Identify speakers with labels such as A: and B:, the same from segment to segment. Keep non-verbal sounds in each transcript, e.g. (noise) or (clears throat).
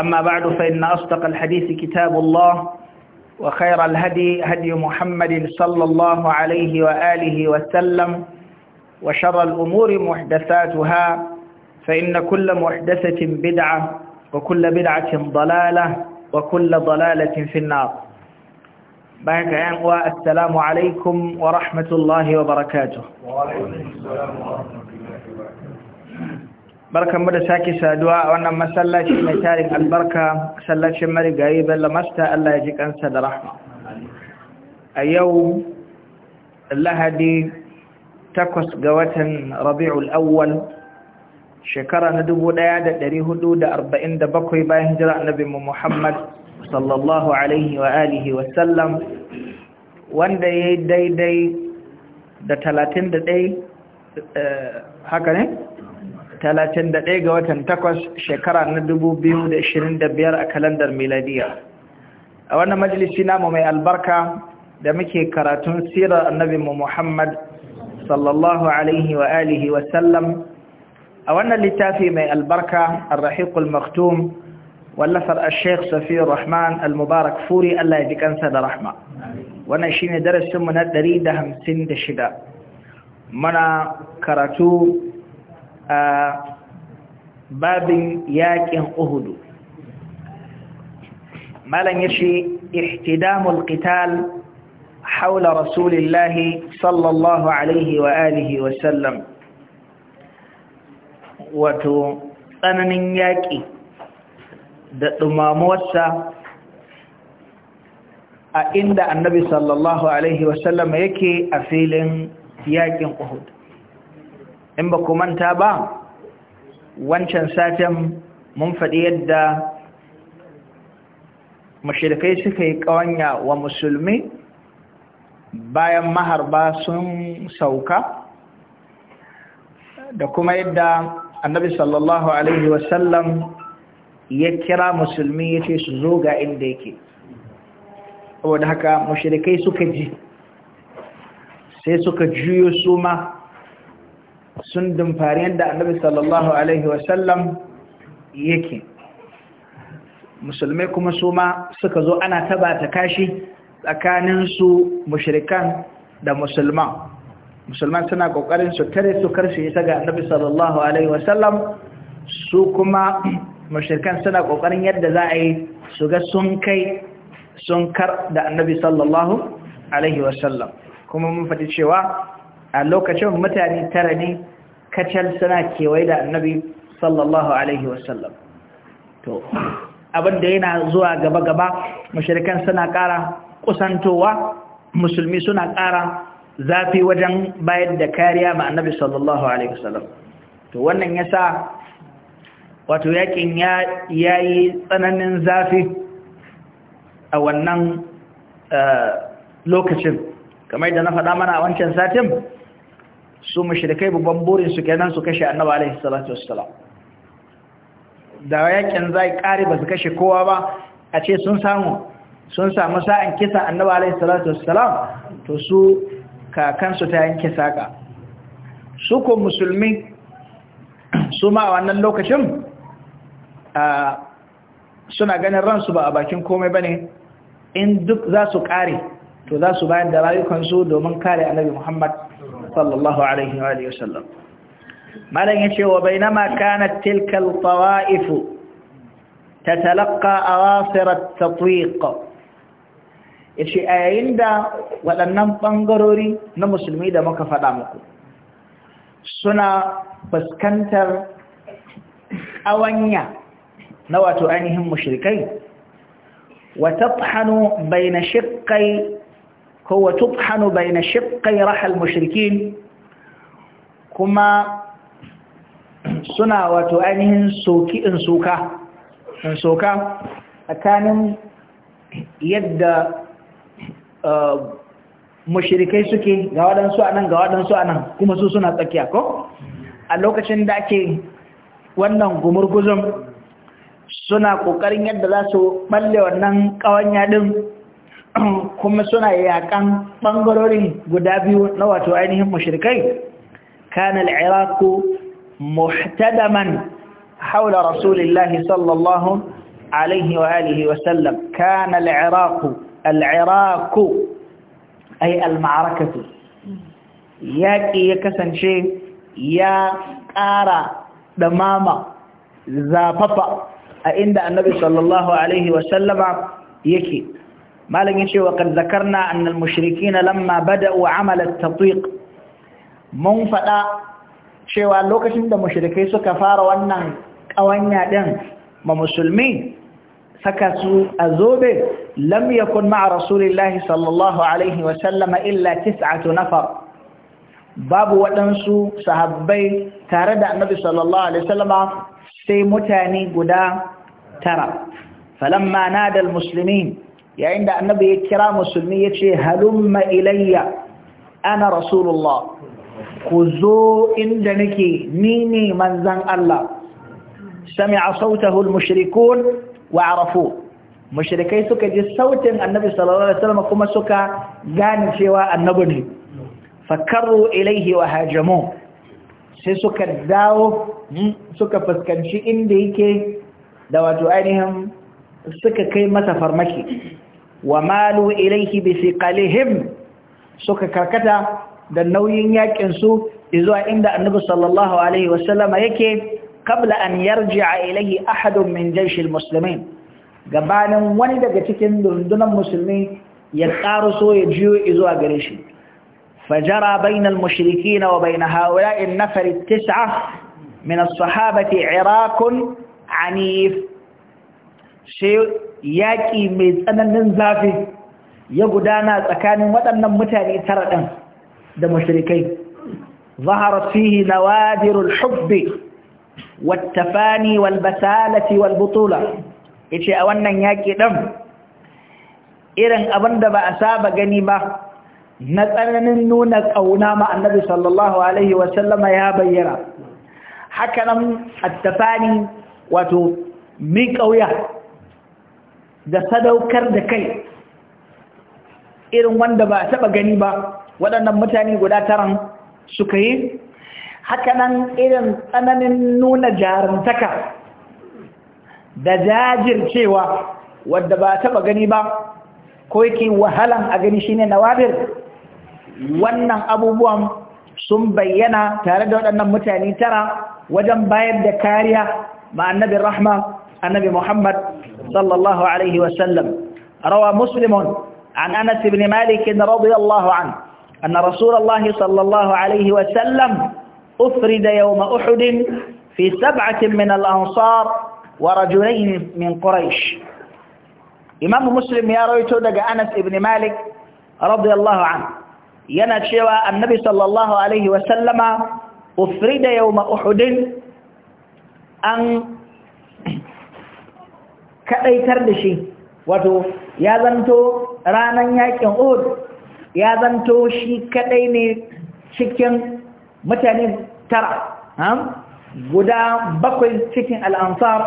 A: أما بعد فإن أصدق الحديث كتاب الله وخير الهدي هدي محمد صلى الله عليه وآله وسلم وشر الأمور محدثاتها فإن كل محدثة بدعة وكل بدعة ضلالة وكل ضلالة في النار بارك السلام عليكم ورحمة الله وبركاته وعليكم السلام ورحمة الله barkanmu da sake saduwa a wannan masallaci mai tarin albarka masallacin marigayi bello masta Allah ya ji kansa da rahma a yau lahadi takwas ga watan rabi'ul awwal shekara na dubu da da da hudu da arba'in da bakwai bayan hijira annabinmu muhammad sallallahu alaihi wa alihi wasallam wanda ya yi daidai da talatin da 31 eh, haka ne? talatin da ɗaya ga watan takwas shekara na dubu biyu da ishirin da biyar a kalandar miladiya a wannan majalisi namu mai albarka da muke karatun sirar annabinmu muhammad sallallahu alaihi wa alihi wasallam a wannan littafi mai albarka arrahiqul maktum wallafar ashek sheikh safiyar rahman al-mubarak furi allah ya ji kansa da rahma wannan shine darasinmu na ɗari da hamsin da shida mana karatu a babin yaƙin uhudu malam yace ihtidamul qital حول رسول sallallahu صلى الله عليه وآله وسلم wato tsananin yaƙi da ɗumamuwarsa a inda annabi sallallahu alaihi wasallam yake a filin yaƙin uhud in ba ku manta ba wancan satin mun faɗi yadda mashirkai suka yi ƙawanya wa musulmi bayan maharba sun sauka da kuma yadda annabi sallallahu alaihi wasallam ya kira musulmi ya ce su zo ga inda yake saboda haka mushirikai suka ji sai suka juyo suma? sun dumfari yadda annabi sallallahu alaihi wasallam yake musulmai kuma su ma suka zo ana taba ta kashi tsakaninsu mushrikan da musulman musulman suna kokarin su tare su karshe isa ga annabi sallallahu alaihi wasallam su kuma mushrikan suna kokarin yadda za a yi su ga sun kai sun kar da annabi sallallahu alaihi wasallam kuma mun faɗi cewa a lokacin mutane tara ne kacal suna kewaye da annabi sallallahu alaihi wasallam to abinda yana zuwa gaba-gaba mashirikan suna ƙara kusantowa musulmi suna ƙara zafi wajen bayar da kariya ma annabi sallallahu alaihi wasallam to wannan yasa wato yakin ya yi tsananin zafi a wannan eh, lokacin kamar da na faɗa mana a wancan satin su mushrikai babban burin su kenan su kashe annabi alaihi salatu wassalam da yakin zai kare ba su kashe kowa ba a ce sun samu sun samu sa'an kisa annabi alaihi salatu wassalam to su kakansu ta yanke saka su ko musulmi su ma a wannan lokacin suna ganin ransu ba a bakin komai bane in duk za su kare to za su bayar da rayukansu domin kare annabi Muhammad sallallahu alaihi wa alihi wasallam malan yace wa bainama kanat tilka al-tawa'if tatalaqa awasir at-tatwiq yace ayayin da waɗannan bangarori na musulmi da muka faɗa muku suna fuskantar awanya na wato ainihin mushrikai wa tathanu baina shiqqai huwa tubhanu bayna shiqqai rahal mushrikin kuma suna wato ainihin soki in soka in tsakanin yadda mushrikai suke ga waɗansu anan ga waɗansu anan kuma su suna tsakiya ko a lokacin da ake wannan gumurguzon suna kokarin yadda za su ɓalle wannan ƙawanya ɗin (clears throat) kuma suna yakan ɓangarorin guda biyu na wato ainihin mashirkai kana al'iraku muhtadaman haula rasulillahi sallallahu alaihi wa alihi wa sallam kana al'iraku al'iraku ay al-ma'arakatu yaƙi ya kasance ya ƙara da mama zafafa a inda annabi sallallahu alaihi wa sallama yake malam yace wa kad zakarna annal mushrikin lamma bada'u amal at-tatwiq mun fada cewa lokacin da mushrikai suka fara wannan kawanya din ma musulmi saka su a zobe lam yakun ma'a rasulillahi sallallahu alaihi wa sallam illa tis'atu nafar babu waɗansu sahabbai tare da annabi sallallahu alaihi wasallama sai mutane guda tara falamma nada almuslimin yayin da annabi ya kira musulmi ya ce halumma ilayya ana rasulullah ku zo inda nake ni ne manzan Allah sami'a sautahu al-mushrikun wa arafu mushrikai suka ji sautin annabi sallallahu alaihi wasallam kuma suka gane cewa annabi ne fakarru ilaihi wa hajamu sai suka dawo hmm, suka fuskanci inda yake da wato ainihin suka kai masa farmaki wa malu ilaihi bi suka karkata da nauyin yakin su zuwa inda annabi sallallahu alaihi wasallama yake kabla an yarji'a ilaihi ahadun min jayshil muslimin gabanin wani daga cikin rundunar musulmi ya karo so ya jiyo zuwa gare shi fajara bainal mushrikin wa bain ha'ula'in nafar at-tis'a min as-sahabati 'iraqun 'anif yaƙi mai tsananin zafi ya gudana tsakanin waɗannan mutane tara ɗan da mashirikai ظهرت فيه hubbi الحب والتفاني والبسالة والبطولة ice a wannan yaƙi ɗan irin abin da ba a saba gani ba na tsananin nuna ƙauna ma annabi sallallahu alaihi ya bayyana hakanan attafani wato mi ƙauya da sadaukar da kai irin wanda ba a taɓa gani ba waɗannan mutane guda taron suka yi hakanan irin tsananin nuna jarumtaka da jajircewa wadda ba a taɓa gani ba ko yake wahalan a gani shine nawabir wannan abubuwan sun bayyana tare da waɗannan mutane tara wajen bayar da kariya ma annabi rahma annabi muhammad صلى الله عليه وسلم روى مسلم عن أنس بن مالك رضي الله عنه أن رسول الله صلى الله عليه وسلم أفرد يوم أحد في سبعة من الأنصار ورجلين من قريش إمام مسلم يا رويته دقى أنس بن مالك رضي الله عنه yana النبي صلى الله عليه وسلم أفرد يوم أحد أن Kaɗaitar da shi wato ya zanto ranan yakin Uhud ya zanto shi kaɗai ne cikin mutane tara guda bakwai cikin al'ansar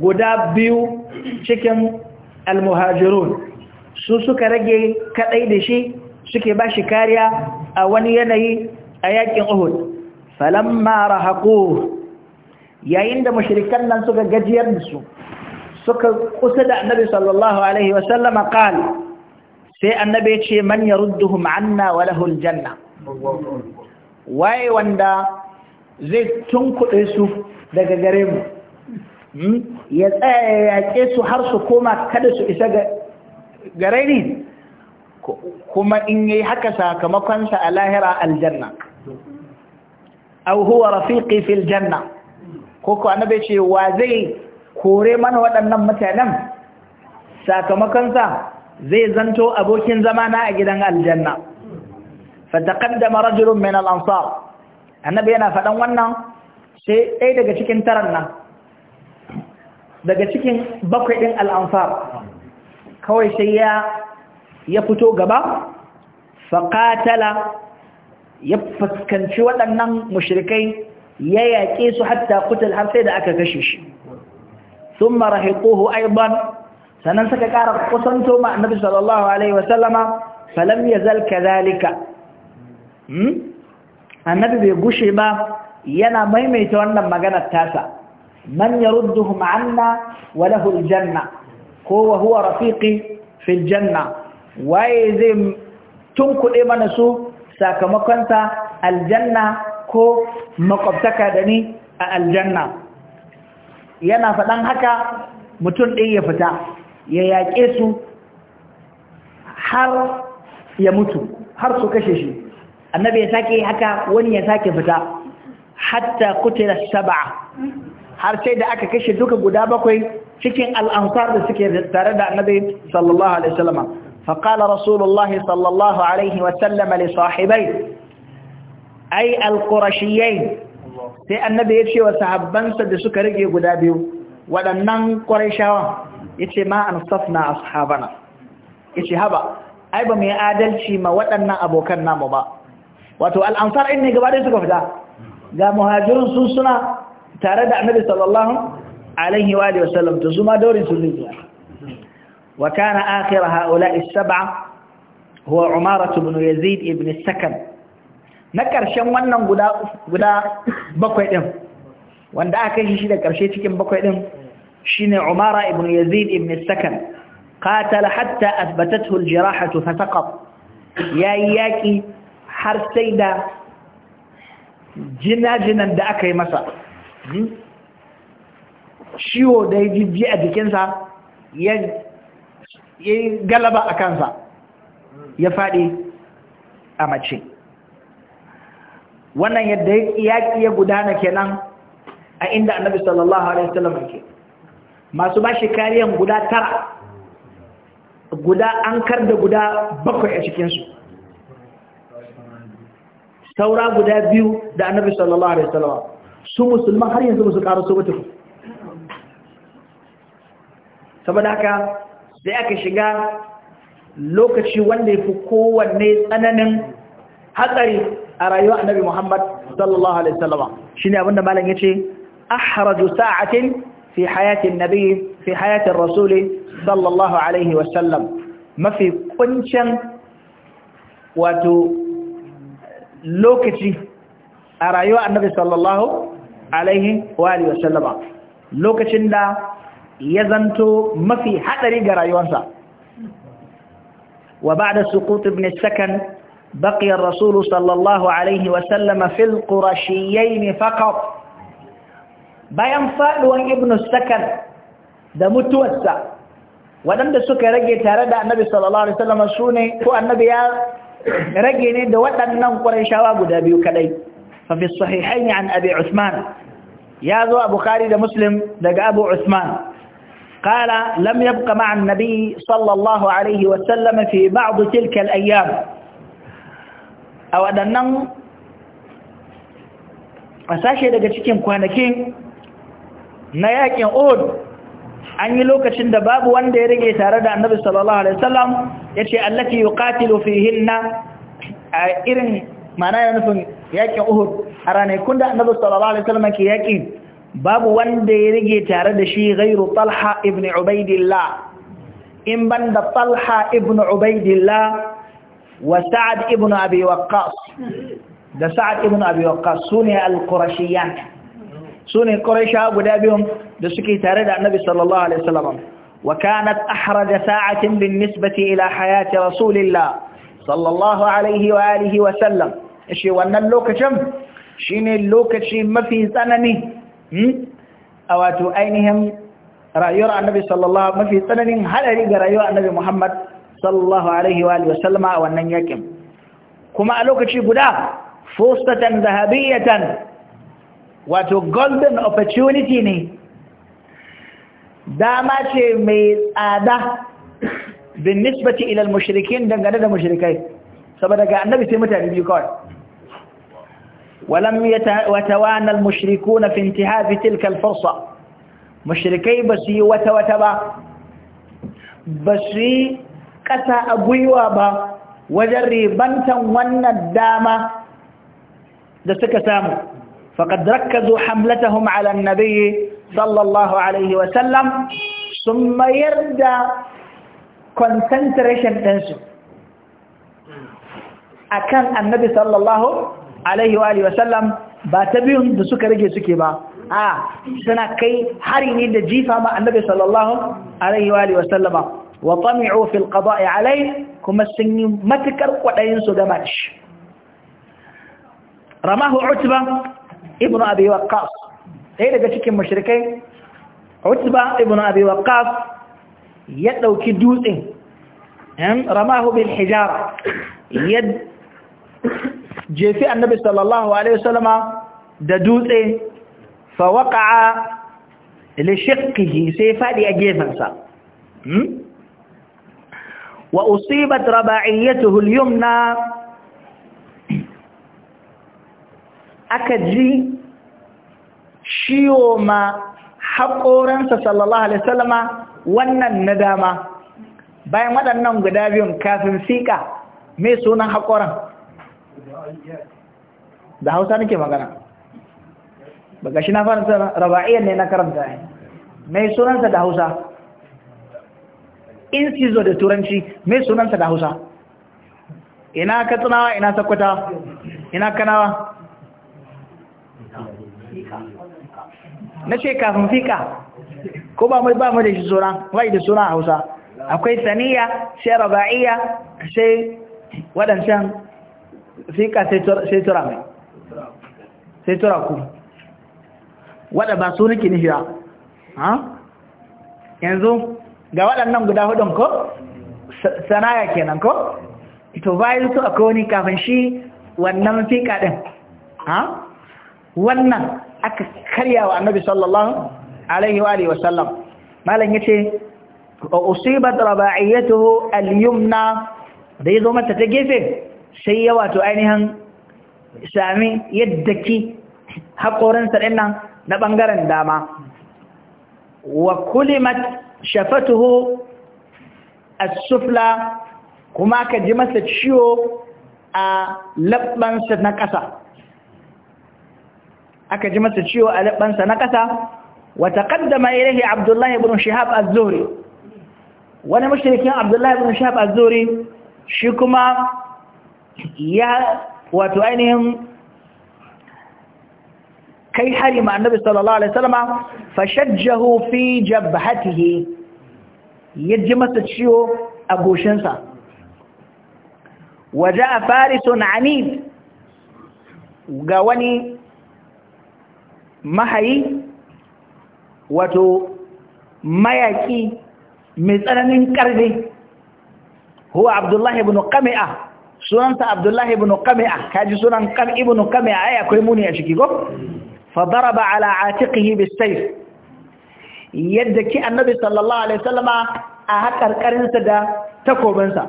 A: guda biyu cikin al-muhajirun su suka rage kaɗai da shi suke ba shi kariya a wani yanayi a yakin Uhud falamma rahaquhu yayin da mashirikan nan suka gajiyar da su suka kusa da annabi sallallahu alaihi wasallama qala sai annabi ya ce man ya anna wa lahul janna waye wanda zai tunkuɗe su daga gare mu hmm? ya tsaya ya yaƙe su har su koma kada su isa gare ni kuma in yi haka sakamakonsa a lahira aljanna au huwa rafiqi fil janna ko ko annabi ce wa zai kore mana waɗannan mutanen sakamakonsa zai zanto abokin zamana a gidan aljanna fataqaddama rajulun min al-ansar annabi yana faɗan wannan sai ɗaya daga cikin taran nan daga cikin bakwai ɗin al-ansar kawai sai ya ya fito gaba faƙatala ya fuskanci waɗannan mushrikai ya yaƙe su hatta kutul har sai da aka kashe shi summa rahiquhu aidan sanan saka ƙara kusanto ma annabi sallallahu alaihi wa sallama falam yazal kadhalika hmm annabi bai gushe ba yana maimaita wannan maganar tasa man yarudduhum anna wa lahu aljanna ko wa huwa rafiqi waye zai wa yazim mana su sakamakon ta aljanna ko makwabtaka da ni a aljanna yana faɗan haka mutum ɗin ya fita ya yaƙe su har ya mutu har su kashe shi annabi ya sake haka wani ya sake fita hatta kutila sab'a har sai da aka kashe duka guda bakwai cikin al'ansar da suke tare da annabi sallallahu alaihi wasallam fa qala rasulullah sallallahu alaihi wasallam li sahibai ay al-qurashiyyin sai annabi ya ce wa sahabbansa da suka rage guda biyu waɗannan ƙwarishawan ya ce ma an safna ashabana ya ce haba ai ba mai adalci ma waɗannan abokan namu ba wato al'ansar in ne gaba suka fita ga muhajirin sun suna tare da annabi sallallahu alaihi wa wasallam zuma daurin sun zuwa wa kana akhir haula as huwa umara ibn yazid ibn sakan na ƙarshen wannan guda bakwai ɗin wanda aka yi shi da ƙarshe cikin bakwai ɗin shi ne umara ibn yazid ibn sakan ƙatala hatta asbatattul jirahatu fasaqab ya yi yaƙi har sai da jinajinan da aka yi masa hmm? ciwo da ya jijji a jikinsa ya yi galaba a kansa ya faɗi a mace wannan yadda yaƙi ya gudana kenan a inda annabi sallallahu alaihi wasallam yake masu ba shi kariyan guda tara guda an kar da guda bakwai a cikinsu saura guda biyu da annabi sallallahu alaihi wasallam su musulman har yanzu musu karo su mutu saboda haka sai aka shiga lokaci wanda ya fi kowanne tsananin hatsari a rayuwar annabi Muhammad sallallahu alaihi wasallam shine abinda malam yace ahraju sa'atin fi hayati annabi fi hayati ar-rasul sallallahu alaihi wasallam mafi kuncin wato lokaci a rayuwar annabi sallallahu alaihi wa alihi wasallama lokacin da ya zanto mafi hadari ga rayuwarsa wa ba'da suqut ibn sakan بقي الرسول صلى الله عليه وسلم في القرشيين فقط بيان فالو ابن السكن ده متوسع ولم تسك سكي رجي تارى النبي صلى الله عليه وسلم سوني هو النبي رجي ني ده ودن قريش وابو وابد أبيو ففي الصحيحين عن أبي عثمان يا ذو أبو خالد مسلم ده أبو عثمان قال لم يبق مع النبي صلى الله عليه وسلم في بعض تلك الأيام a waɗannan a sashe daga cikin kwanakin na yaƙin od an yi lokacin da babu wanda ya rage tare da annabi sallallahu alaihi wasallam yace allati yuqatilu fihinna a irin mana yana nufin yakin uhud a ranakun da annabi sallallahu alaihi wasallam ke yaki babu wanda ya rage tare da shi gairu talha ibn ubaidillah in banda talha ibn ubaidillah وسعد ابن ابي وقاص ده سعد ابن ابي وقاص سنة القرشيان سنة القرشة ابو دابهم ده سكي تارد النبي صلى الله عليه وسلم وكانت احرج ساعة بالنسبة الى حياة رسول الله صلى الله عليه وآله وسلم اشي وانا اللوكة شم شين اللوكة ما في سنني اواتو اينهم رأيور النبي صلى الله عليه وسلم ما في سنن هل رأيور النبي محمد sallallahu alaihi wa sallama a wannan yakin kuma a lokaci guda fustatan zahabiyatan wato golden opportunity ne dama ce mai tsada bin nisbati ila al-mushrikin dangane da mushrikai saboda ga annabi sai mutane biyu kawai ولم يتوانى المشركون في fi تلك الفرصه مشركي fursa mushrikai basu ƙasa a gwiwa ba wajen ribantan wannan dama da suka samu faƙad rakkazu hamlatahum ala nabiyyi sallallahu alaihi wasallam sun mayar da concentration ɗansu, a kan annabi sallallahu alaihi wa sallam ba ta biyun da suka rage suke ba a suna kai hari ne da jifa ma annabi sallallahu alaihi wa sallama وطمعوا في القضاء عليه كما سنجي متكر وينسوا دماش رماه عتبة ابن أبي وقاص إيه لقد تكن مشركين عتبة ابن أبي وقاص يدو كدوز رماه بالحجارة يد جيفي النبي صلى الله عليه وسلم ددوز فوقع لشقه سيفا لأجيفا سيفا wa usibat raba'iyatuhu al-yumna aka ji ciwo ma haƙoransa sallallahu alaihi wasallama wannan na dama bayan waɗannan guda biyun kafin siƙa mai sunan haƙoran da hausa nake magana ba gashi na fara raba'iyyar ne na karanta mai sunansa da hausa In zo da turanci mai sunansa da hausa ina katsinawa ina sakwata ina kanawa na ce kafin fika ko ba mai ba mai da shi suna wai da suna hausa akwai saniya sai raba'iya sai waɗancan fika sai tura mai sai tura ku waɗa ba su nake nishira yanzu ga waɗannan guda hudun ko sanaya kenan ko to bayan su akwai wani kafin shi wannan fiƙa ɗin wannan aka karya wa annabi sallallahu alaihi wa alihi wasallam malam yace usibat rabaiyatuhu al-yumna da yazo mata ta gefe sai ya wato ainihin sami yadda ki haƙorinsa ɗin nan na ɓangaren dama wa kulimat shafatuhu as-sufla kuma ka ji masa ciwo a labbansa na ƙasa aka ji masa ciwo a labbansa na ƙasa wa taqaddama ilayhi Abdullah ibn Shihab az-Zuhri wani mushrikin Abdullah ibn Shihab az-Zuhri shi kuma ya wato ainihin kai hari ma annabi sallallahu alaihi wasallama fashajjahu fi jabhatihi yaji masa ciwo a goshinsa waja farisun anid ga wani mahayi wato mayaki mai tsananin karfi huwa abdullahi ibn qami'a sunansa abdullahi ibn qami'a kaji sunan qam ibn qami'a ai akwai muni a ciki go فضرب على عاتقه بالسيف يدك النبي صلى الله عليه وسلم أهكر كرنسة دا تكوبنسة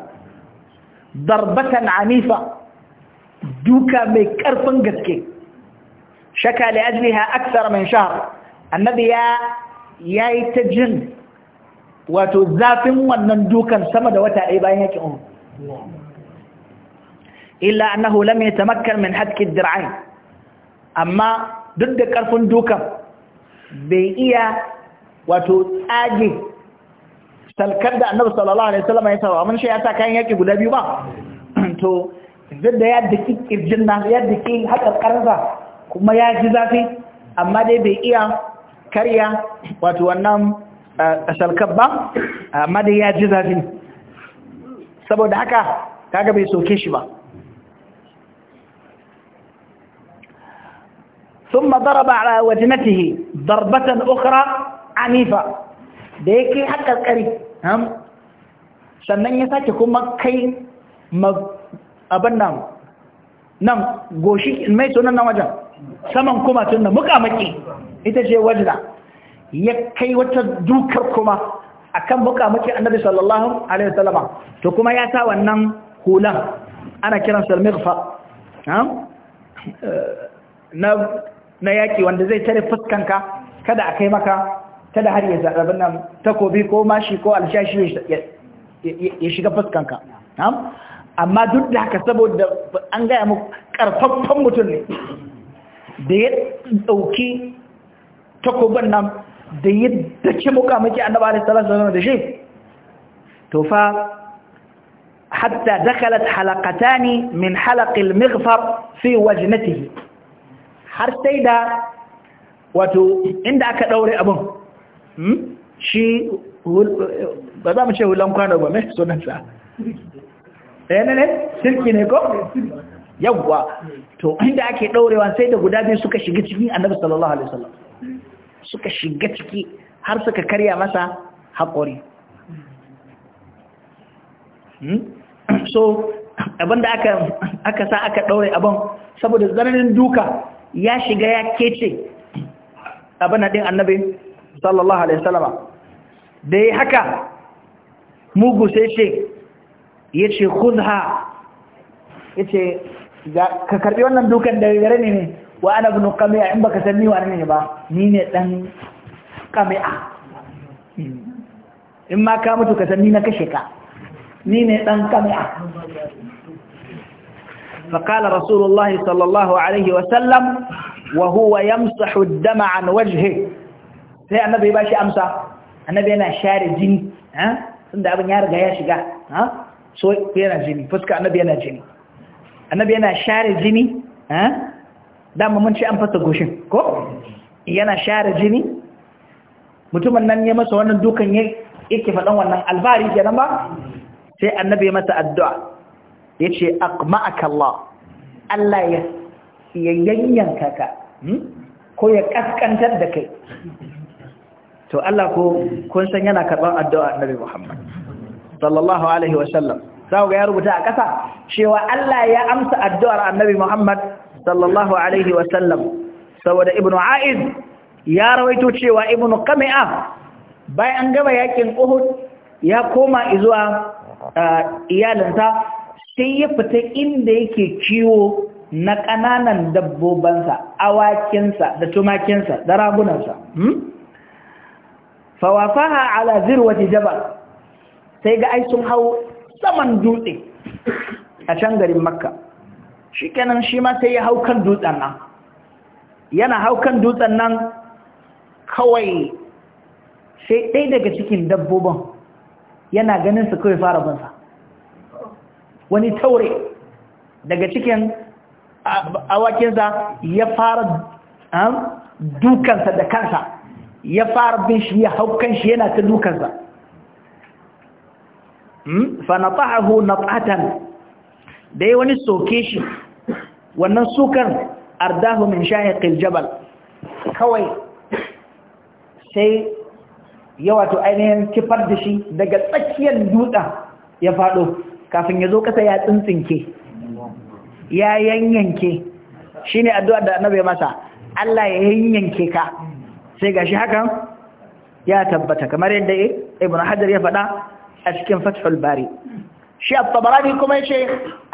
A: ضربة عنيفة دوكا ميكرفن قدك شكى لأجلها أكثر من شهر النبي يا يتجن وتزافن دوكا سمد وتأيبان يكئون إلا أنه لم يتمكن من حدك الدرعين أما duk da ƙarfin duka bai iya wato tsage salkar da annabi sallallahu alaihi wasallam ya sawa mun shi ya ta kayan yaki guda biyu ba (clears throat) to duk da ya daki kirjin nan ya daki haƙar karza kuma ya ji zafi amma dai bai iya karya wato wannan eh, salkar ba amma dai ya ji zafi saboda haka kaga bai soke shi ba ثم ضرب على وجنته ضربة أخرى عنيفة da yake haka kare sannan ya sake kuma kai abin nan nan goshi mai sunan na wajen saman kuma tun da mukamaki ita ce wajina ya kai wata dukar kuma a akan mukamaki annabi sallallahu alaihi wasallama to kuma ya sa wannan hulan ana kiran salmirfa na na yaƙi wanda zai tare fuskanka kada a kai maka kada har ya zaɓi nan takobi ko mashi ko alshashi ya shiga fuskanka amma duk da haka saboda an gaya mu ƙarfaffen mutum ne da ya ɗauki takobin nan da ya dace mukamaki annaba alaihi da shi to fa hatta dakalat halaqatani min halaqil mighfar fi wajnatihi har sai da wato inda aka daure abin hmm? shi ba za mu ce hulan kwano ba mai sunansa ɗaya eh, ne ne sirki ne ko yawwa to inda ake daurewa sai da guda biyu suka shiga ciki annabi sallallahu alaihi wasallam suka shiga ciki har suka karya masa haƙori hmm? so abinda aka aka sa aka daure abin saboda zananin duka ya shiga ya kece abin haɗin annabi sallallahu alaihi salama da ya haka mugu sai ce ya ce ha ya ce ka karɓi wannan dukan da gare ne ne wa ana kame a in ka san ni wa ne ba ni ne ɗan a in ma ka mutu ka san ni na kashe ka ni ne ɗan a. فقال رسول الله صلى الله عليه وسلم وهو يمسح الدم عن وجهه sai annabi ba amsa annabi yana share jini tunda abin ya riga ya shiga so yana jini fuska annabi yana jini annabi yana share jini dama mun ce an fasa goshin ko yana share jini mutumin nan ya masa wannan dukan yake faɗan wannan albari kenan ba sai annabi ya masa addu'a ya ce Allah Allah ya yayyanka ka hmm? ko ya kaskantar da kai to Allah ko kun san yana karɓar addu'a Annabi Muhammad sallallahu alaihi wasallam za ku ga ya rubuta a ƙasa cewa Allah ya amsa addu'ar Annabi Muhammad sallallahu alaihi wasallam saboda Ibn Aiz ya rawaito cewa Ibn Qami'a bayan an gama yakin Uhud ya koma izuwa uh, iyalinsa sai ya fita inda yake kiwo na ƙananan dabbobansa awakinsa da tumakinsa da ragunansa hmm? fawafaha ala zirwati jabal sai ga ai sun hau saman dutse a can garin makka shi kenan shi ma sai ya hau kan dutsen nan yana hau kan dutsen nan kawai sai ɗaya daga cikin dabbobin yana ganin su kawai fara bansa wani taure daga cikin awakinsa ya fara dukansa da kansa ya fara bin shi ya haukan shi yana ta dukansa hmm? fanatahu nat'atan dai wani soke shi wannan sukan ardahu min shayiqil kawai sai ya wato ainihin kifar da shi daga tsakiyar dutsen ya fado kafin ya zo kasa ya tsintsinke ya yanyanke shine addu'ar da annabi masa Allah ya yanyanke ka sai gashi hakan ya tabbata kamar yadda Ibn Hajar ya faɗa a cikin Fathul Bari shi at-Tabarani kuma yace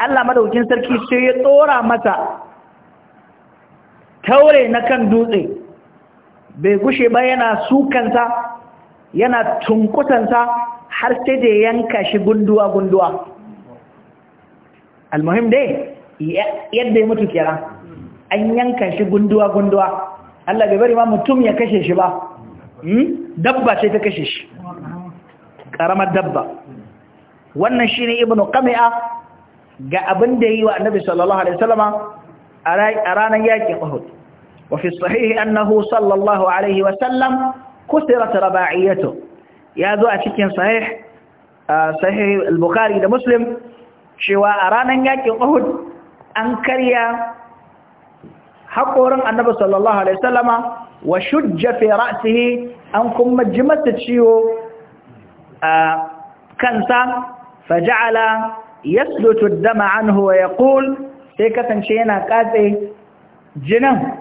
A: Allah madaukin sarki sai ya tsora masa taure na kan dutse bai gushe ba yana sukansa yana tunkutansa har sai da yanka shi gunduwa gunduwa almuhim dai yadda ya mutu kenan an yanka shi gunduwa gunduwa Allah bai bari ma mutum ya kashe shi ba hmm? dabba sai ta kashe shi karamar dabba wannan shine ibnu qami'a ga abin da yi wa annabi sallallahu alaihi wasallama a ranar yakin Uhud wa fi sahihi annahu sallallahu alaihi wasallam kusirat raba'iyatu ya zo a cikin sahih sahih al-bukhari da muslim cewa a ranar yakin Uhud an karya haƙorin annabi sallallahu alaihi wa shujja fi ra'sihi an kuma ji masa ciwo a kansa faja'ala yaslutu ad-dama anhu wa yaqul sai kasance yana katse jinan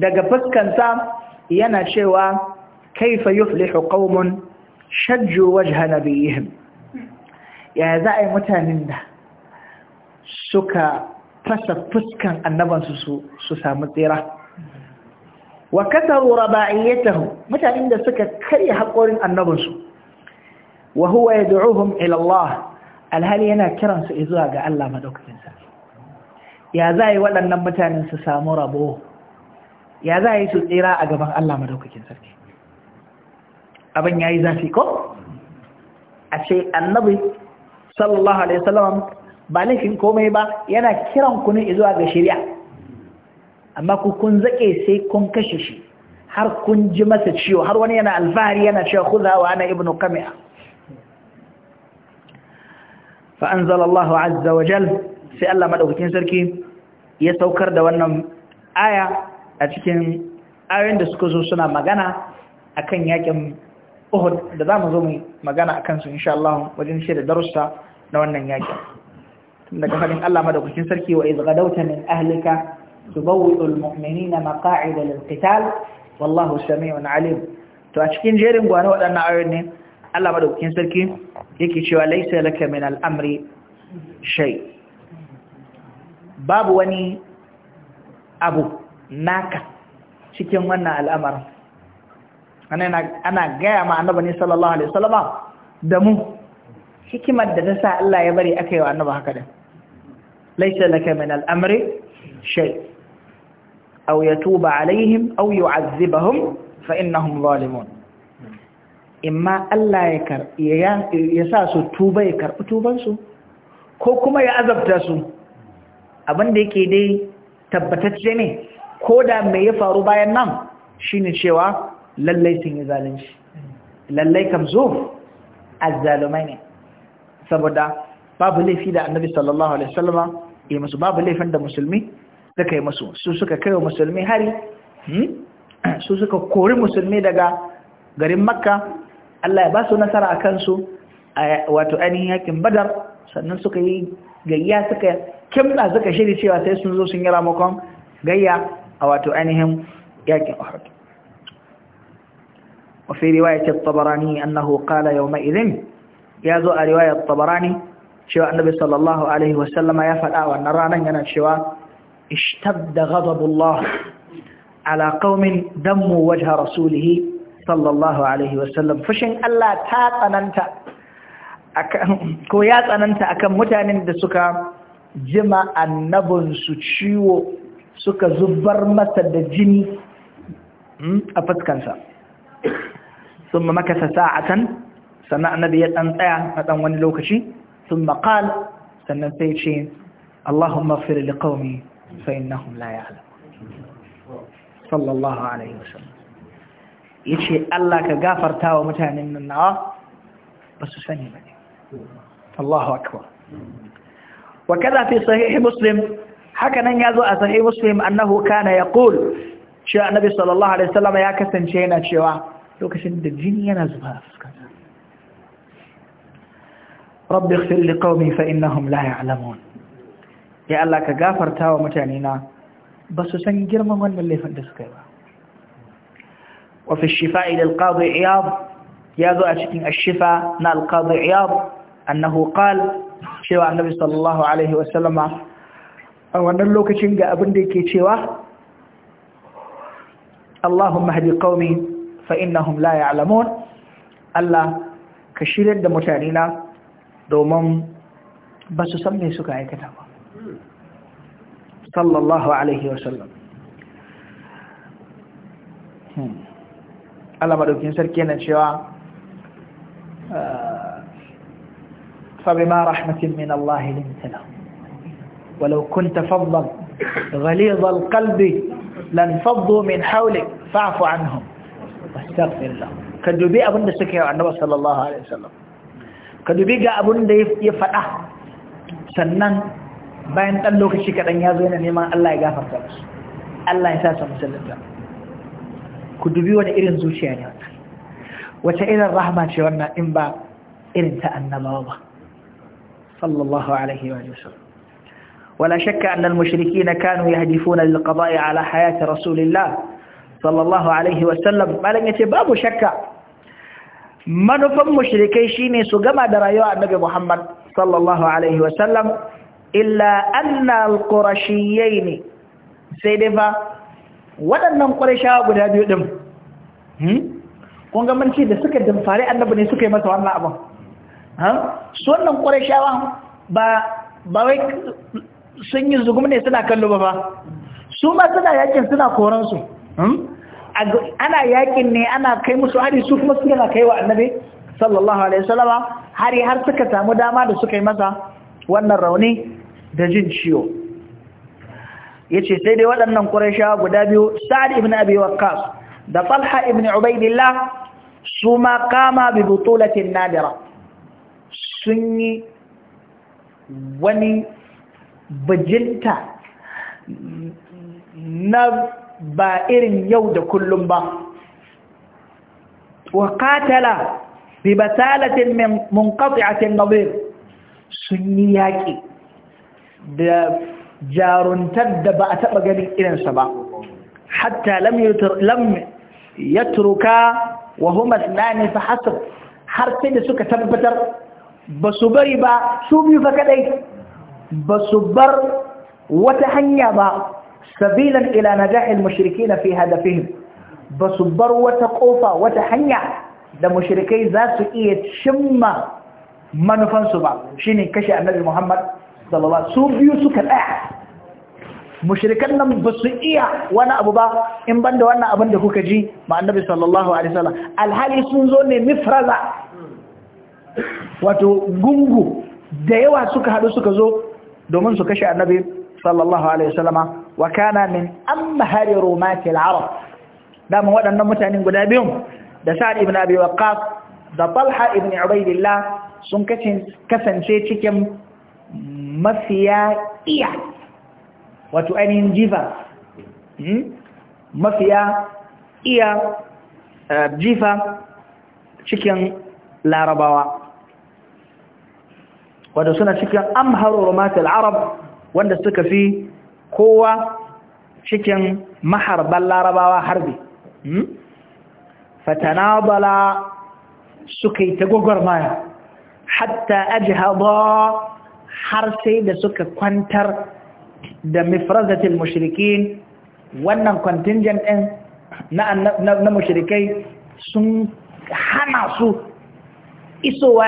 A: daga fuskansa yana cewa kaifa yuflihu qaumun shajju wajha nabiyihim Yaya za a yi mutanen da suka fasa fuskan annabansu su su samu tsira wa kasaru raba'iyatahu mutanen da suka karya haƙorin annabansu wa huwa yad'uhum ila Allah alhali yana kiran su zuwa ga Allah madaukakin sa ya zai waɗannan mutanen su samu rabo ya zai su tsira a gaban Allah madaukakin sarki abin yayi zafi ko a ce annabi sallallahu alaihi wasallam ba laifin komai ba yana kiran ku ne zuwa ga shari'a amma ku kun zake sai kun kashe shi har kun ji masa ciwo har wani yana alfahari yana cewa wa ana ibnu kami'a fa anzala Allahu azza wa sai Allah madaukakin sarki ya saukar da wannan aya a cikin ayoyin da suka zo suna magana akan yakin Uhud da zamu zo mu magana akan su insha Allah wajen shi da darussa na wannan yakin Tun daga faɗin Allah madaukakin sarki wa iz gadawta min ahlika tubawwi'ul mu'minina maqa'ida da qital wallahu samii'un 'alim to a cikin jerin gwana waɗannan ayoyin ne Allah madaukakin sarki yake cewa laysa laka min al-amri babu wani abu naka cikin wannan al'amarin ana gaya ma annaba ne sallallahu alaihi wasallama da mu hikimar da ta sa Allah ya bari aka yi wa annaba haka da ليس لك من الأمر tuba أو يتوب عليهم أو يعذبهم فإنهم ظالمون imma Allah ya sa su tuba ya karɓi tubansu ko kuma ya azabta su abinda yake dai tabbatacce ne ko da mai ya faru bayan nan shine cewa lallai sun yi zalunci lallai kam zo azzalumai ne saboda babu laifi da annabi sallallahu alaihi wasallama yi musu babu laifin da musulmi suka yi masu su suka kai wa musulmi hari hmm? (clears throat) su suka kori musulmi daga garin makka Allah ya ba su nasara a kansu wato ainihin yakin badar sannan suka yi gayya suka kimɗa suka shiri cewa sai sun zo sun yi ramakon gayya a wato ainihin yakin uhud وفي رواية الطبراني أنه قال يومئذ يازو رواية الطبراني cewa annabi sallallahu alaihi wasallama ya faɗa wannan ranar yana cewa ishtadda ghadabullah ala qaumin dammu wajha rasulih sallallahu alaihi wasallam fushin Allah ta tsananta ko ya tsananta akan mutanen da suka jima annabun su ciwo suka zubar masa da jini hmm, a fuskansa sun makasa sa'atan sannan annabi ya ɗan tsaya na ɗan wani lokaci ثم قال سلمان سيد شين اللهم اغفر لقومي فإنهم لا يعلم صلى الله عليه وسلم يشي الله كغفر تاو متان من النار بس فني مني الله أكبر وكذا في صحيح مسلم حكى ننجازو صحيح مسلم أنه كان يقول شاء النبي صلى الله عليه وسلم يا كسن شينا شوا لو كسن الدنيا أنا rabbi ighfir li qaumi fa innahum la ya'lamun ya Allah ka gafarta wa mutane na ba su san girman wannan laifin da suka yi ba wa fi shifa'i lil qadi iyad ya zo a cikin ashifa na al qadi iyad annahu qala cewa annabi sallallahu alaihi wa sallama a wannan lokacin ga abin da yake cewa Allahumma hadi qaumi fa innahum la ya'lamun Allah ka shirya da mutane na domin ba su san me suka aikata ba sallallahu alaihi wasallam Allah madaukin sarki yana cewa فبما رحمة من الله لنت له ولو كنت فظا غليظ القلب لانفضوا من حولك فاعف عنهم واستغفر لهم كدوبي أبن عن النبي صلى الله عليه وسلم ka dubi ga abin da ya faɗa sannan bayan ɗan lokaci kaɗan ya zo yana neman Allah ya gafarta musu Allah ya sa su musulunta ku dubi wani irin zuciya ne wata wace irin rahama ce wannan in ba irin ta annabawa ba sallallahu alaihi wa sallam ولا شك أن المشركين كانوا يهدفون للقضاء على حياة رسول الله صلى الله عليه وسلم ما لم يتباب شك manufan mushrikai shine su gama da rayuwa annabi Muhammad sallallahu alaihi wasallam illa anna al-qurashiyyin sai dai fa waɗannan qurayshawa guda biyu din hmm kun ga mun ce da suka damfare annabi ne suka yi masa wannan abin ha su wannan qurayshawa ba ba wai sun yi zugum ne suna kallo ba fa su ma suna yakin suna koransu hmm ana yakin ne ana kai musu hari su kuma suna kai wa annabi sallallahu alaihi wasallama hari har suka samu dama da suka yi masa wannan rauni da jin ciwo yace sai dai waɗannan Qurayshawa guda biyu Sa'ad ibn Abi Waqqas da Talha ibn Ubaidillah su ma kama bi butulatin nadira sun yi wani bajinta na ba irin yau da kullum ba wa qatala bi basalatin min munqati'atin nadir sun yi yaki da jaruntar da ba a taba ganin irinsa ba hatta lam lam yatruka wa huma ithnani fa hasab har sai da suka tabbatar ba su bari ba su biyu fa kadai ba su bar wata hanya ba sabilan ila najahil mushrikina da hadafihim basu bar wata kofa wata hanya da mushrikai zasu iya cimma manufansu ba shine kashe annabi Muhammad sallallahu alaihi wasallam su biyu suka ɗaya mushrikan nan basu iya wani abu ba in banda wannan abun da kuka ji ma annabi sallallahu alaihi wasallam alhali sun zo ne mifraza wato gungu da yawa suka haɗu suka zo domin su kashe annabi sallallahu alaihi wasallama wa kana min amhari rumati al-arab dama waɗannan mutanen guda biyun da sad ibn Abi Waqqas da Talha ibn Ubaidillah sun kasance cikin mafiya iya wato ainihin jifa hmm? mafiya iya eh, jifa cikin larabawa wadda suna cikin amharu rumatul arab wanda suka fi kowa cikin maharban larabawa harbi hmm? fatanabala suka yi ta gwagwarmaya hatta ajihaba har sai da suka kwantar da mifrazatil mushrikin wannan kwantinjan ɗin na mushrikai sun hana su isowa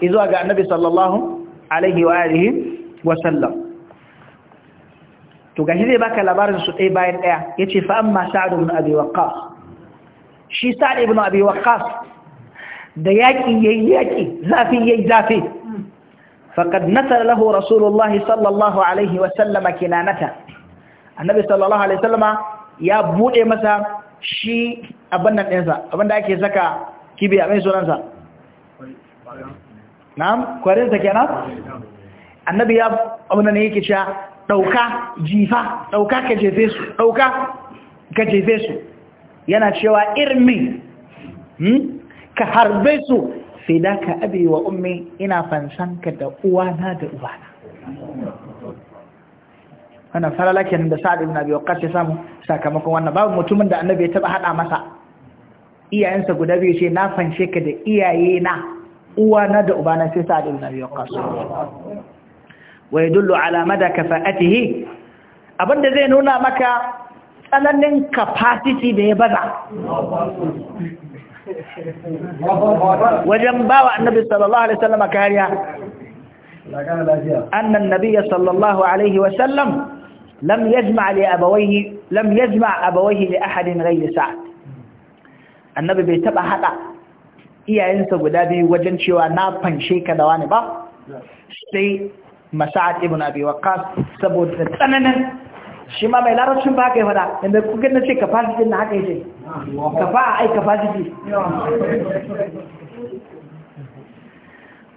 A: izuwa ga annabi sallallahu alaihi wa wa sallam to gashi zai baka labarin su ɗaya bayan ɗaya Ya ce fa amma Sa'adu ibn abi waqqas shi Sa'adu ibn abi waqqas da yaki yayi yaƙi zafi yayi zafi faqad nasala lahu rasulullah sallallahu alaihi wa sallama kinanata annabi sallallahu alaihi wasallama ya buɗe masa shi abin nan ɗinsa abin da ake saka kibi a mai sunansa na'am kwarinsa kenan annabi ya abin nan yake cewa ɗauka jifa ɗauka ka jefe su ɗauka ka jefe su yana cewa irmi hmm? ka harbe su sai da ka abe wa umme ina ka da uwana da uwana wannan falala kenan da sa'adu na biyu waqqas samu sakamakon wannan babu mutumin da annabi ya taba hada masa iyayensa guda biyu ce na fanshe ka da iyaye na uwana da ubana sai sa'adu na biyu ƙarshe. ويدل على مدى كفاءته أبدا زين هنا مكا ألنن كفاتتي دي بذع وجنباو النبي صلى الله عليه وسلم كهاليا أن النبي صلى الله عليه وسلم لم يجمع لأبويه لم يجمع أبويه لأحد غير سعد النبي بيتبع حقا إيا ينسى قدابي وجنشي وانا فانشيك دواني با نعم. سي masa'ad ibn abi waqas saboda tsananan shi ma mai larabcin ba ka yi fada inda ku gina ce ka fasi din na haka yake ka fa ai ka fasi din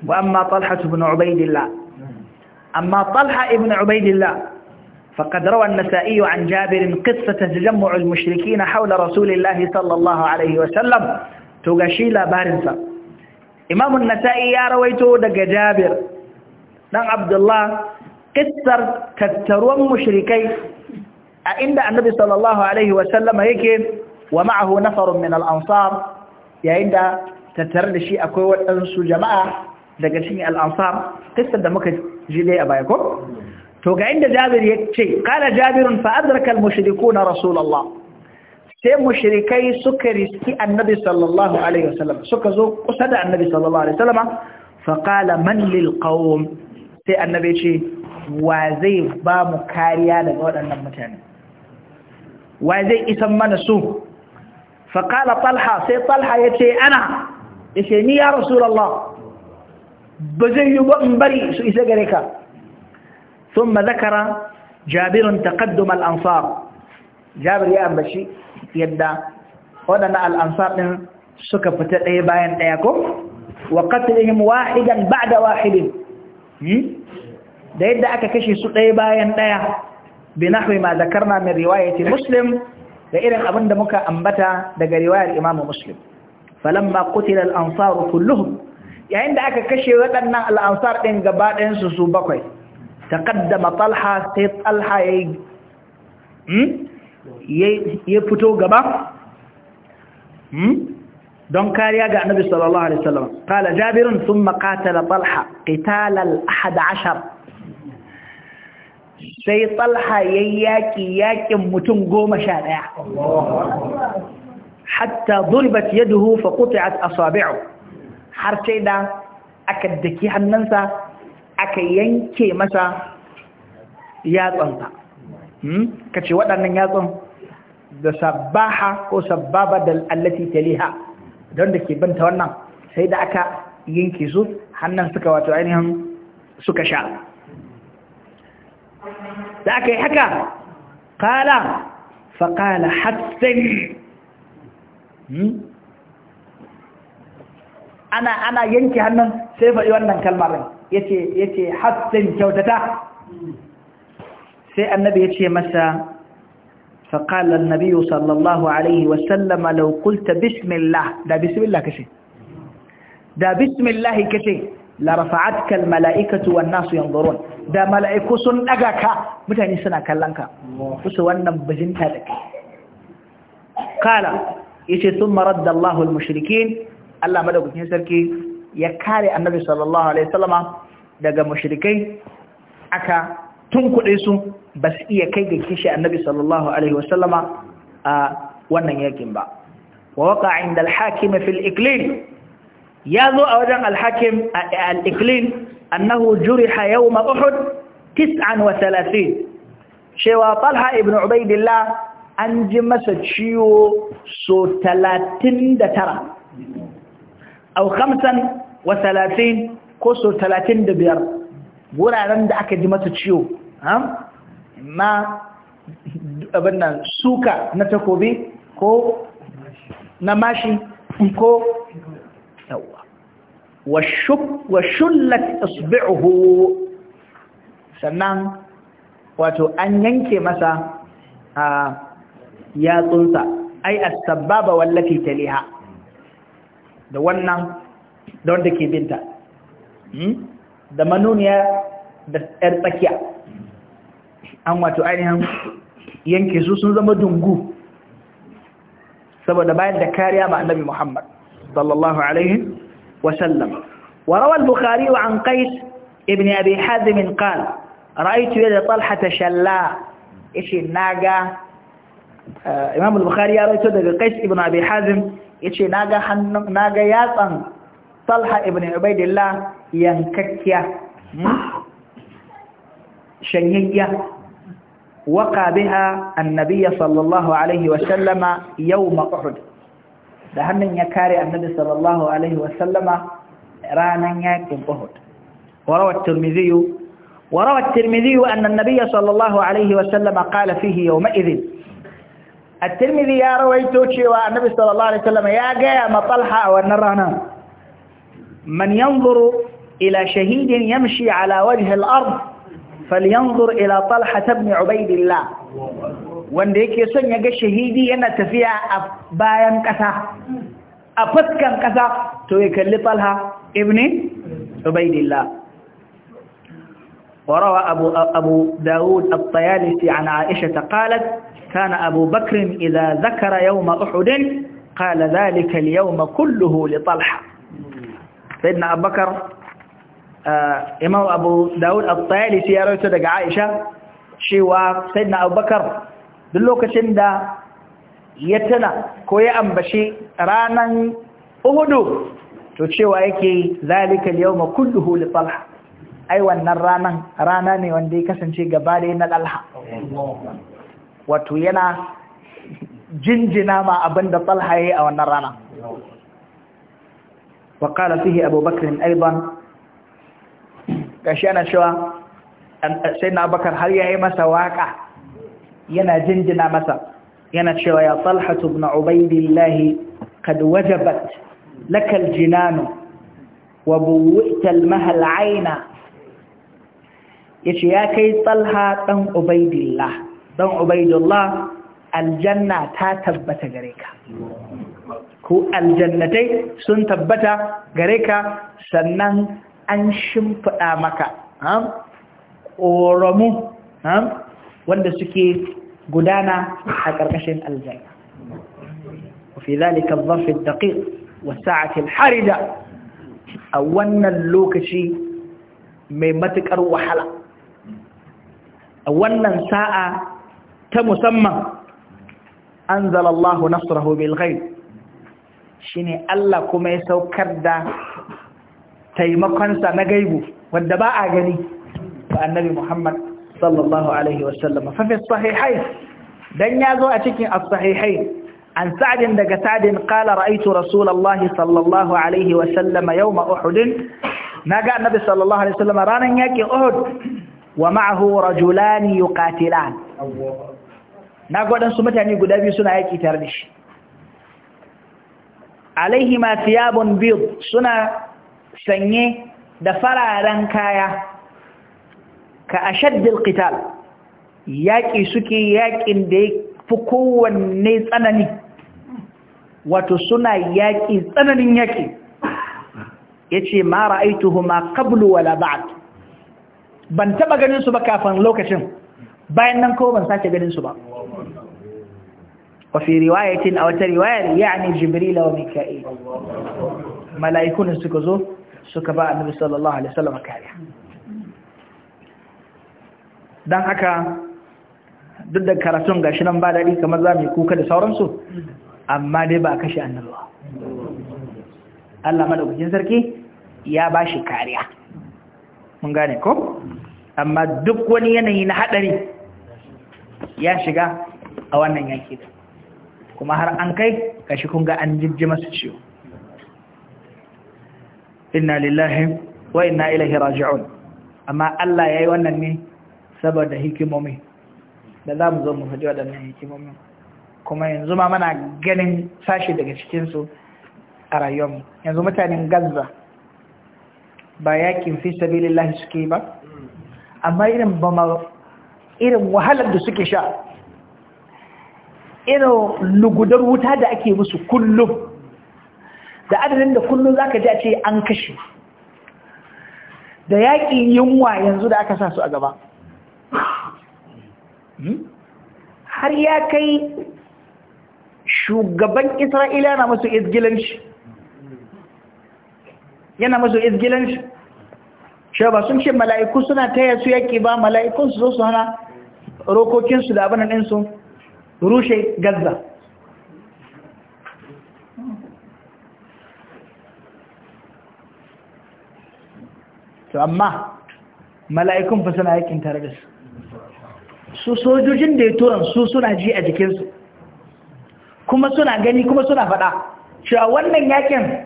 A: واما طلحه بن عبيد الله اما طلحه ابن عبيد الله فقد روى النسائي عن جابر قصه تجمع المشركين حول رسول الله صلى الله عليه وسلم تغشي لا بارنسا امام النسائي يا رويته دغ جابر dan abdullah kissar tattaruwan mushrikai a inda annabi sallallahu alaihi wa sallama yake wa ma'ahu nafarun min al-ansar yayin da tattare da shi akwai waɗansu jama'a daga cikin al-ansar kissar da muka ji dai a baya ko to ga inda jabir ya ce kala jabirun fa adraka al-mushrikuna rasulullah sai mushrikai suka riski annabi sallallahu alaihi wa wasallam suka zo kusa da annabi sallallahu alaihi wa wasallama fa qala man lil qawm sai annabi ce wa zai ba mu kariya daga waɗannan mutane wa zai isan mana su faƙala talha sai falha ya ce ana ya ce ni ya rasulallah ba zai yi bari su isa gare ka sun ma zakara jabirin taƙaddum al'ansar jabir ya ambaci yadda waɗannan al'ansar ɗin suka fita ɗaya bayan ɗaya ko wa ƙatilihim wahidan ba da wahidin Hmm? da yadda aka kashe su ɗaya bayan ɗaya bi na ma zakarna min ce muslim da irin abin da muka ambata daga riwayar imamu muslim falon ba al-ansaru kullum? yayin da aka kashe waɗannan al'ansar ɗin gaba ɗayan su su bakwai taqaddama talha sai talha ya yi hmm? ya fito gaba hmm? don kariya ga annabi sallallahu alaihi wasallam qala jabirun thumma qatala talha qital al ahad ashar sai talha yayyaki yakin mutum 11 hatta duribat yaduhu fa quti'at asabi'u har sai da aka daki hannunsa aka yanke masa yatsansa hmm? kace waɗannan yatsan da sabaha ko sababa da allati taliha don da ke banta wannan sai da aka yanke su hannun suka wato ainihin suka sha da aka yi haka kala faƙala hatsin hmm? ana ana yanke hannun sai faɗi wannan kalmarin yace yace hatsin kyautata sai annabi yace masa فقال النبي صلى الله عليه وسلم لو قلت بسم الله ده بسم الله كشي ده بسم الله كشي لرفعتك الملائكة والناس ينظرون ده ملائكة سنقك متعني سنة كلنك وسوانا بجنت هذا قال يشي ثم رد الله المشركين الله ملوك يسركي يكاري النبي صلى الله عليه وسلم daga mushrikai aka tunkuɗe su ba su iya kai ga kishi annabi sallallahu alaihi wasallama a wannan yakin ba wa waka inda alhakim fil iklin ya zo a wajen alhakim a iklin annahu juriha yawma uhud 39 cewa falha ibn ubaidillah an ji masa ciwo so 39 au 35 ko so 35 wuraren da aka ji masa ciwo na nan suka na takobi ko na mashi ko yawa wa shullat asbi'uhu sannan wato an yanke masa a yatsunsa ai as-sababa wallati taliha da wannan da wanda ke binta hmm? da manuniya da yar tsakiya an wato ainihin yanke su sun zama dungu saboda bayan da kariya annabi Muhammad sallallahu alaihi wasallam وروى البخاري عن قيس ابن أبي حازم قال رأيت يد طلحة شلاء إيش الناقة آه إمام البخاري رأيت يد قيس ابن أبي حازم إيش ناقة حن... ناقة ياطن طلحة ابن عبيد الله ينككيا شنية وقى بها النبي صلى الله عليه وسلم يوم أحد دهن يكاري النبي صلى الله عليه وسلم رانا يكم أحد وروى الترمذي وروى الترمذي أن النبي صلى الله عليه وسلم قال فيه يومئذ الترمذي يا رويتوشي والنبي صلى الله عليه وسلم يا جاي ما طلحة ونرانا من ينظر إلى شهيد يمشي على وجه الأرض فلينظر الى طلحة ابن عبيد الله وان ديك يسن يجي شهيدي ان تفيع ابايا مكسا افتكا مكسا توي كالطلحة ابن عبيد الله وروى ابو, أبو داود الطيالسي عن عائشة قالت كان ابو بكر اذا ذكر يوم احد قال ذلك اليوم كله لطلحة سيدنا ابو بكر imam abu dawud al-tayalisi ya rawaito daga aisha cewa sayyidina abubakar duk lokacin da ya tana ko ya ambashi ranan uhudu to cewa yake zalika al-yawma kulluhu li talha ai wannan ranan rana ne wanda ya kasance gaba da na talha wato yana jinjina ma abinda talha yayi a wannan rana وقال فيه أبو بكر أيضا gashi ana cewa sai na bakar har ya yi masa waka yana jinjina masa yana cewa ya talhatu ibn ubaidillahi kad wajabat lakal jinanu wa buwita almahal aina yace ya kai talha ɗan ubaidillah dan ubaidullah aljanna ta tabbata gare ka aljannatai sun tabbata gare ka sannan an shimfiɗa maka ƙoramu wanda suke gudana a ƙarƙashin aljanna. Wafi zalika zafin daƙi wa sa’afin harida a wannan lokaci mai matuƙar wahala. A wannan sa’a ta musamman an zalallahu nasu rahobin ghai shi Allah kuma ya saukar da taimakonsa na gaibu wadda ba a gani ba annabi Muhammad sallallahu alaihi wasallam sahihai dan ya zo a cikin as-sahihai an daga sa'd qala ra'aytu rasulullahi sallallahu alaihi wasallam yawma naga annabi sallallahu alaihi wasallam uhud wa ma'ahu rajulan yuqatilan naga wadansu mutane guda biyu suna yaki tare da shi alaihima thiyabun bid suna sanye da fararen kaya ka ashaddil qital yaƙi suke yaƙin da ya fi kowanne tsanani wato suna yaƙi tsananin yaƙi ya ce ma ra'aituhu ma kablu wala ba'd ban taɓa ganin su ba kafin lokacin bayan nan kawai ban sake ganin su ba wafi riwayatin a wata riwayar ya ne jibrila wa mika'il mala'ikunan suka zo suka ba annabi sallallahu alaihi wasallam kariya dan haka duk da karatun gashi nan ba daɗi kamar za mu yi kuka da sauransu amma dai ba kashe annabi Allah Allah madaukakin sarki ya ba shi kariya mun gane ko amma duk wani yanayi na hadari ya shiga a wannan yaki kuma har an kai kashi kun ga an jijjima su ciwo inna lillahi wa inna ilaihi raji'un amma Allah yayi wannan ne saboda hikimomi da za mu zo mu faɗi waɗannan hikimomi kuma yanzu ma muna ganin sashi daga cikin su a mu yanzu mutanen Gaza ba yakin fi sabilillahi suke ba amma irin ba irin wahalar da suke sha irin lugudar wuta da ake musu kullum da adadin da kullum za ka ji a ce an kashe da yaƙi yunwa yanzu da aka sa su a gaba hmm? har ya kai shugaban isra'ila na masu izgilanci yana masu izgilanci shaba sun ce mala'iku suna taya su yaƙi ba mala'ikun su zo su hana rokokinsu da abinan ɗinsu rushe gazza. to amma mala'ikun fa suna yakin tare da su su sojojin da ya turan su suna ji a jikinsu kuma suna gani kuma suna faɗa cewa wannan yakin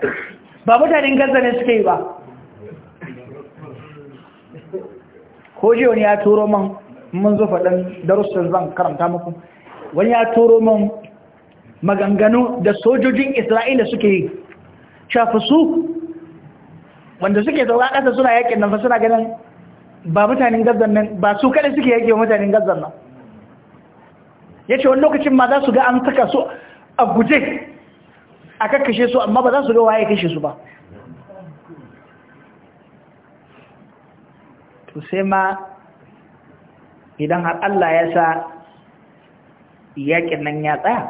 A: ba mutanen gaza ne suke yi ba ko je wani ya turo man mun zo faɗin darussan zan karanta muku wani ya turo man maganganu da sojojin isra'ila suke yi shafi su wanda suke zaune a ƙasa suna yakin nan fa suna ganin ba mutanen gazan nan ba su kada suke yake mutanen gazan nan ya ce wani lokacin ma za su ga an saka su a guje a kakkashe su amma ba za su ga waye kashe su ba to sai ma idan har Allah ya sa yakin nan ya tsaya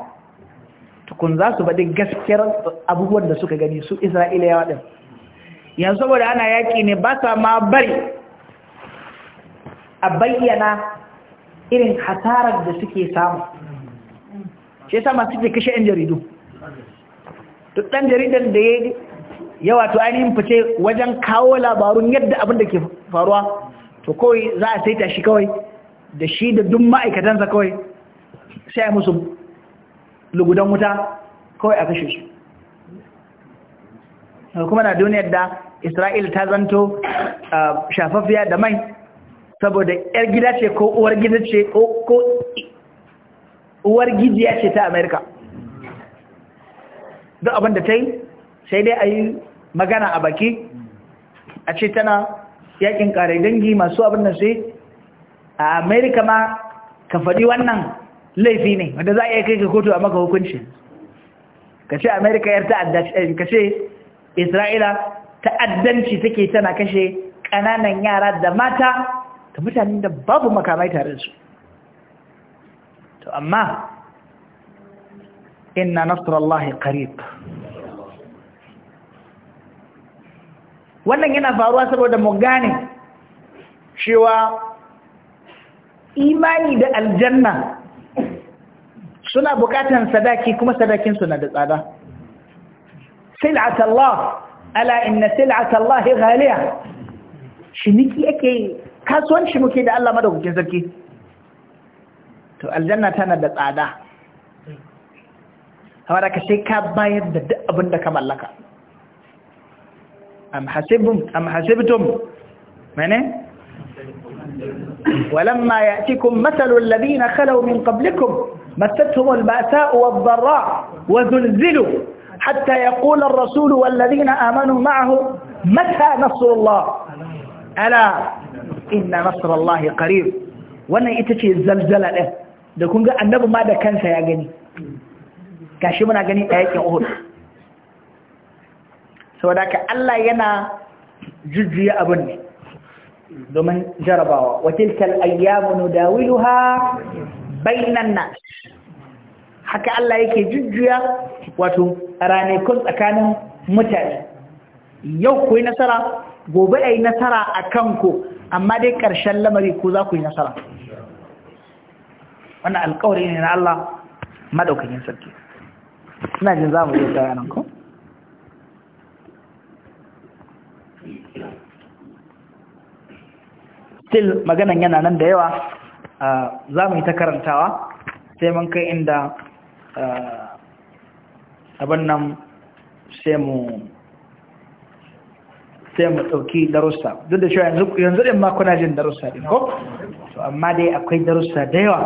A: tukun za su baɗi gaskiyar abubuwan da suka gani su Isra'ila ya ɗin yanzu saboda ana yaƙi ne ba sa ma bari a bayyana irin hasarar da suke samu shi sa masu suke kashe 'yan jaridu duk ɗan jaridan da ya yi wato ainihin fice wajen kawo labarun yadda abin da ke faruwa to kawai za a saita shi kawai da shi da duk ma'aikatansa kawai sai musu lugudan wuta kawai a kashe shi. kuma na duniyar da isra'il ta zanto shafafiya da mai saboda yar gida ce ko uwar gida ce ko uwar gijiya ce ta amerika duk abin da ta yi sai dai a yi magana a baki a ce tana yakin kare dangi masu abin da sai a amerika ma ka faɗi wannan laifi ne wanda za a iya kai ka kotu a maka hukunci ka ce amerika yar ta'adda eh, ka ce isra'ila ta'addanci take tana kashe ƙananan yara da mata da mutanen da babu makamai tare su to amma inna nasrallahi qarib wannan yana faruwa saboda mu gane cewa imani da aljanna suna bukatan sadaki kuma sadakin na da tsada سلعة الله ألا إن سلعة الله غالية ل ا إ ن س الله غ ا ل ي ة شنكي أ ك ي كاسون شمكي ما دوك جزكي ت ا ل لك أم حسبهم أم حسبتم ماني ولما يأتيكم مثل الذين خلوا من قبلكم مستهم الباساء والضراء وزلزلوا حتى يقول الرسول والذين آمنوا معه متى نصر الله ألا إن نصر الله قريب وانا يتشي الزلزلة له دكونجا النبو ماذا كان سيأغني كاشمنا أغني آيك أهد سوى ذاك ألا ينا جزي أبني دومن جربوا وتلك الأيام نداولها بين الناس حكى الله يكي جزي wato ranakun tsakanin mutane yau ku yi nasara gobe a yi nasara a kanku amma dai ƙarshen lamari ku za ku yi nasara Wani alkawari ne na Allah maɗaukakin sarki suna jin za mu yi nan ku still maganan yana nan da yawa ah, za mu yi ta karantawa sai mun kai inda ah, abin nan sai mu ɗauki darussa duk da shi yanzu ɗin makuna jin darussa ɗin ko? to amma dai akwai darussa da yawa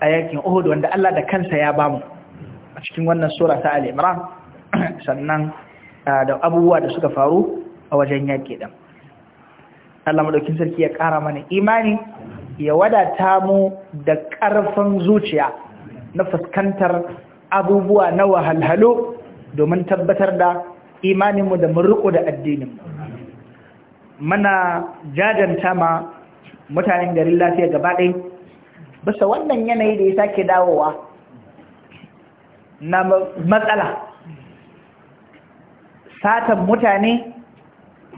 A: a yakin uhud wanda Allah da kansa ya bamu a cikin wannan sura ta al'imran (clears throat) sannan da abubuwa da suka faru a wajen yaƙi ɗan Allah maɗaukin sarki ya ƙara mana imani ya wadata mu da ƙarfin zuciya na fuskantar abubuwa na wahalhalo domin tabbatar da imaninmu da mun da addininmu mana jajanta ma mutanen garin lafiya gaba bisa wannan yanayi da ya sake dawowa na matsala satan mutane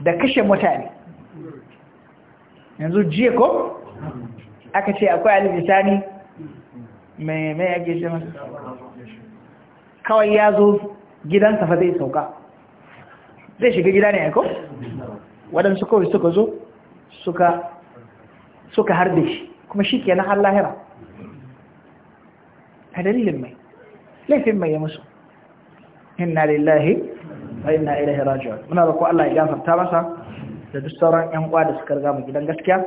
A: da kashe mutane yanzu jiya ko aka ce akwai alisani mai yake shi masu kawai ya zo gidansa fa zai sauka zai shiga gida ne ko? waɗansu kawai suka zo suka harbe shi kuma shi na har lahira a dalilin mai laifin mai ya musu inna lillahi wa inna ilaihi raji'un muna da ko Allah ya gafarta masa da duk sauran 'yan uwa da suka riga mu gidan gaskiya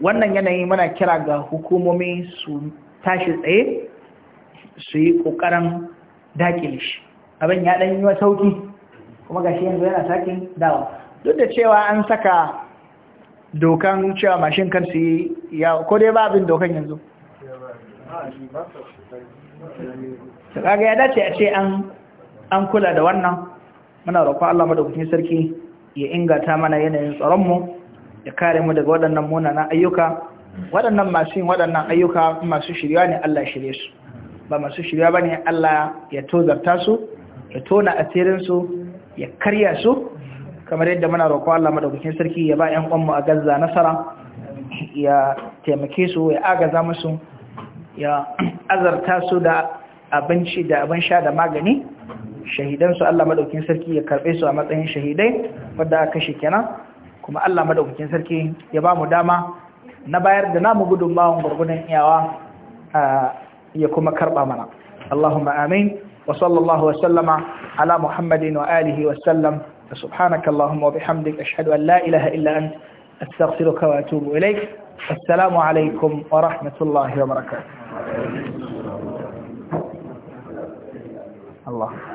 A: wannan yanayi muna kira ga hukumomi su tashi tsaye su yi ƙoƙarin daƙile shi abin ya ɗan yi wa sauƙi kuma ga shi yanzu yana sakin dawa duk da cewa an saka dokan cewa mashin kar su yi ya ko dai ba abin dokan yanzu kaga ya dace a ce an kula da wannan muna roƙon Allah madaukakin sarki ya ingata mana yanayin tsaronmu ya kare mu daga waɗannan munanan ayyuka waɗannan masu yin waɗannan ayyuka masu shirya ne Allah shirye su ba masu shirya ba ne Allah ya tozarta su ya tona asirinsu ya karya su kamar yadda muna roƙo Allah madaukakin sarki ya ba ƴan uwanmu a Gaza nasara ya taimake su ya agaza musu ya azarta su da abinci da abin sha da magani shahidansu Allah madaukakin sarki ya karɓe su a matsayin shahidai wanda aka kashe kenan kuma Allah madaukakin sarki ya ba mu dama na bayar da namu gudunmawan gurgunan iyawa يكون كربا منا اللهم آمين وصلى الله وسلم على محمد وآله وسلم سبحانك اللهم وبحمدك أشهد أن لا إله إلا أنت أستغفرك وأتوب إليك السلام عليكم ورحمة الله وبركاته الله